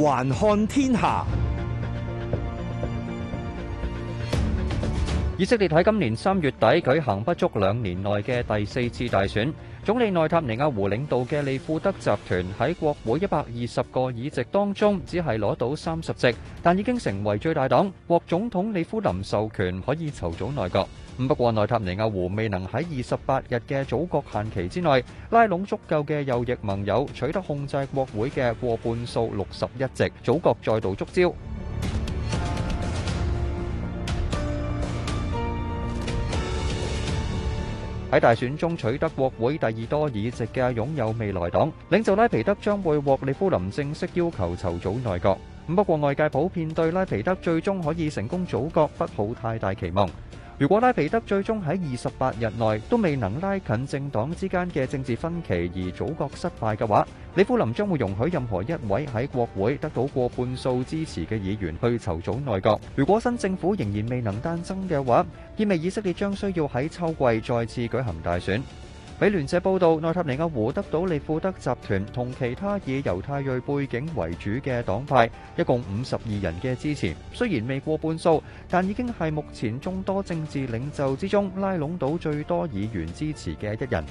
環看天下。以色列喺今年三月底舉行不足兩年內嘅第四次大選，總理內塔尼亞胡領導嘅利庫德集團喺國會一百二十個議席當中，只係攞到三十席，但已經成為最大黨，獲總統里夫林授權可以籌組內閣。不過內塔尼亞胡未能喺二十八日嘅組閣限期之內拉攏足夠嘅右翼盟友，取得控制國會嘅過半數六十一席，組閣再度觸礁。喺大選中取得國會第二多議席嘅擁有未來黨領袖拉皮德將會獲里夫林正式要求籌組內閣。不過外界普遍對拉皮德最終可以成功組閣，不抱太大期望。如果拉皮德最終喺二十八日內都未能拉近政黨之間嘅政治分歧而組閣失敗嘅話，里夫林將會容許任何一位喺國會得到過半數支持嘅議員去籌組內閣。如果新政府仍然未能誕生嘅話，意味以色列將需要喺秋季再次舉行大選。美聯社報道，內塔尼亞胡得到利庫德集團同其他以猶太裔背景為主嘅黨派一共五十二人嘅支持，雖然未過半數，但已經係目前眾多政治領袖之中拉攏到最多議員支持嘅一人。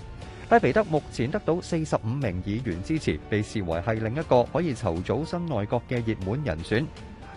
拉皮德目前得到四十五名議員支持，被視為係另一個可以籌組新內閣嘅熱門人選。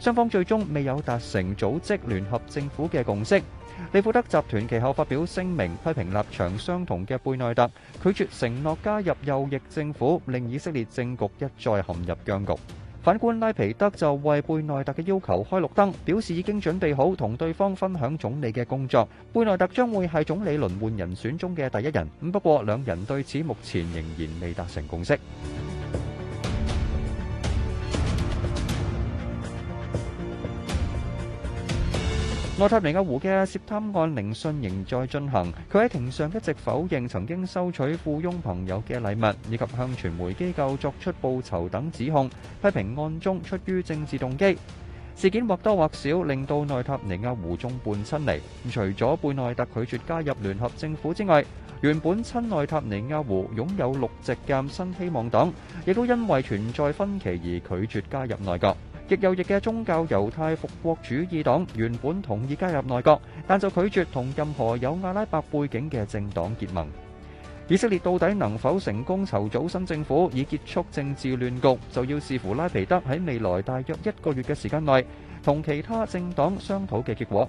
雙方最終未有達成組織聯合政府嘅共識，利庫德集團其後發表聲明，批評立場相同嘅貝內特拒絕承諾加入右翼政府，令以色列政局一再陷入僵局。反觀拉皮德就為貝內特嘅要求開綠燈，表示已經準備好同對方分享總理嘅工作，貝內特將會係總理輪換人選中嘅第一人。咁不過，兩人對此目前仍然未達成共識。奈塔尼亞湖的涉灘案凌晨仍在遵行，他在庭上一直否定曾經收取附近朋友的罹文，以及向傳媒機構作出報酬等指控，批評案中出於政治動機。事件滑多滑少令到奈塔尼亞湖中半親離，除了半內特區瀑加入聯合政府之外，原本親奈塔尼亞亞亞亞湖擁有六只減新希望等，亦都因為存在分歧而瀑瀑加入內閱。極右翼嘅宗教猶太復國主義黨原本同意加入內閣，但就拒絕同任何有阿拉伯背景嘅政黨結盟。以色列到底能否成功籌組新政府以結束政治亂局，就要視乎拉皮德喺未來大約一個月嘅時間內同其他政黨商討嘅結果。